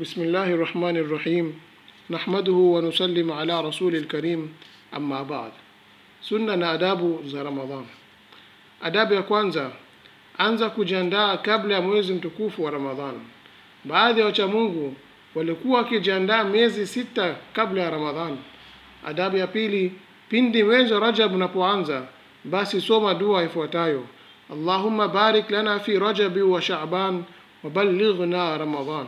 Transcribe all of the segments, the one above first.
بسم الله الرحمن الرحيم نحمده ونسلم على رسول الكريم أما بعد sunna na adabu za ramadhan adabu ya kwanza anza kujiandaa kabla ya mwezi mtukufu wa ramadhan baadhi ya wachamungu walikuwa wakijiandaa miezi sita kabla ya ramadhan adabu ya pili pindi mwezi wa rajab unapoanza basi soma dua ifuatayo allahumma barik lana fi rajabi wa shaban waballighna ramadan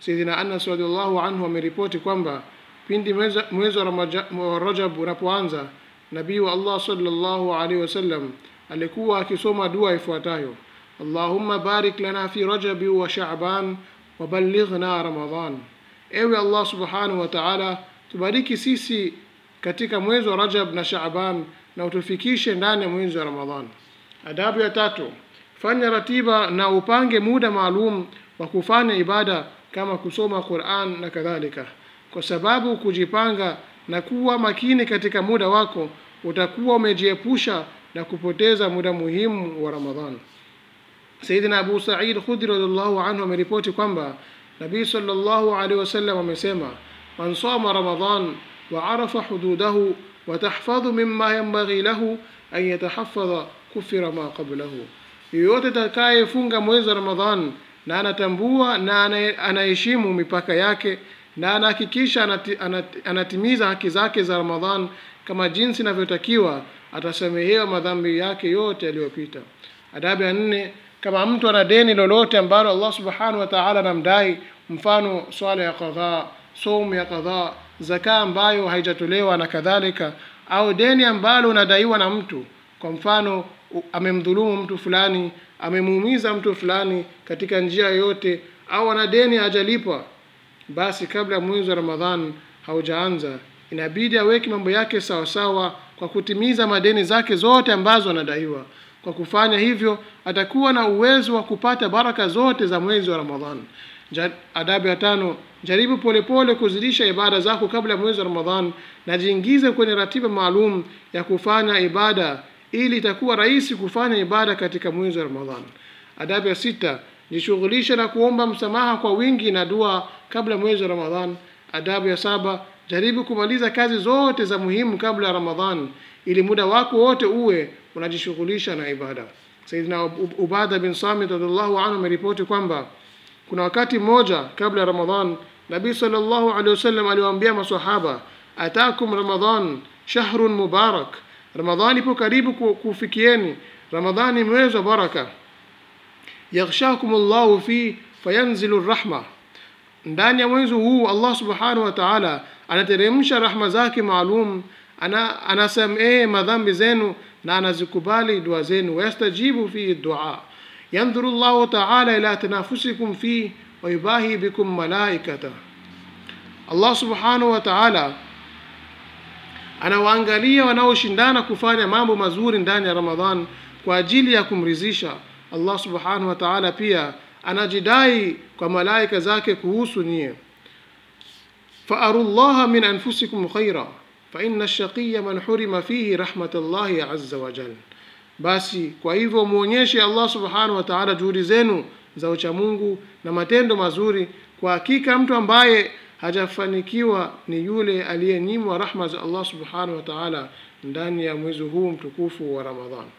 Sayyidina Anas radhiallahu anhu ameripoti kwamba pindi mwezi wa Rajab unapoanza, nabii wa Allah sallallahu alaihi wasallam alikuwa akisoma dua ifuatayo: Allahumma barik lana fi rajabi wa sha'ban wa ballighna ramadan, ewe Allah subhanahu wa ta'ala, tubariki sisi katika mwezi wa Rajab na shaban na utufikishe ndani ya mwezi wa Ramadhan. Adabu ya tatu, fanya ratiba na upange muda maalum wa kufanya ibada kama kusoma Qur'an na kadhalika, kwa sababu kujipanga na kuwa makini katika muda wako utakuwa umejiepusha na kupoteza muda muhimu wa Ramadhani. Sayyidina Abu Sa'id Khudri radhiallahu anhu ameripoti kwamba Nabii sallallahu alaihi wasallam amesema, man sama Ramadhan wa arafa hududahu wa tahfadhu mimma yanbaghi lahu an yatahaffadha kufira ma qablahu, yoyote atakayefunga mwezi wa Ramadhani na anatambua na anaheshimu mipaka yake na anahakikisha anati, anati, anatimiza haki zake za Ramadhan kama jinsi inavyotakiwa, atasamehewa madhambi yake yote yaliyopita. Adabu ya nne, kama mtu ana deni lolote ambalo Allah subhanahu wa ta'ala anamdai, mfano swala ya qadha, somu ya qadha, zaka ambayo haijatolewa na kadhalika, au deni ambalo unadaiwa na mtu, kwa mfano amemdhulumu mtu fulani, amemuumiza mtu fulani katika njia yoyote, au ana deni hajalipwa, basi kabla ya mwezi wa Ramadhan haujaanza inabidi aweke mambo yake sawasawa kwa kutimiza madeni zake zote ambazo anadaiwa. Kwa kufanya hivyo, atakuwa na uwezo wa kupata baraka zote za mwezi wa Ramadhan. Adabu ya tano, jaribu polepole pole kuzidisha ibada zako kabla ya mwezi wa Ramadhan na jiingize kwenye ratiba maalum ya kufanya ibada ili itakuwa rahisi kufanya ibada katika mwezi wa Ramadhani. Adabu ya sita, jishughulishe na kuomba msamaha kwa wingi na dua kabla mwezi wa Ramadhani. Adabu ya saba, jaribu kumaliza kazi zote za muhimu kabla ya Ramadhani ili muda wako wote uwe unajishughulisha na ibada. Saidina Ubada bin Samit radhiallahu anhu ameripoti kwamba kuna wakati mmoja kabla ya Ramadhan Nabii sallallahu alaihi wasallam aliwaambia maswahaba, atakum Ramadhan shahrun mubarak Ramadhani ipo karibu kufikieni. Ramadhani mwezi wa baraka. Allahu fi fayanzilu rahma. Ndani ya mwezi huu Allah subhanahu wa ta'ala anateremsha rahma zake maalum, ana anasamehe madhambi zenu na anazikubali dua zenu. Wayastajibu fi dua. Yandhuru Allahu ta'ala ila tanafusikum fi wa yubahi bikum malaikata. Allah subhanahu wa ta'ala anawaangalia wanaoshindana kufanya mambo mazuri ndani ya Ramadhan kwa ajili ya kumridhisha Allah subhanahu wa ta'ala. Pia anajidai kwa malaika zake kuhusu nyie, fa llaha min anfusikum khaira fa inna ash-shaqiyya man hurima fihi rahmatullahi azza wa jalla, basi kwa hivyo muonyeshe Allah subhanahu wa ta'ala juhudi zenu za uchamungu na matendo mazuri. Kwa hakika mtu ambaye hajafanikiwa ni yule aliyenyimwa rahma za Allah subhanahu wa taala ndani ya mwezi huu mtukufu wa Ramadhani.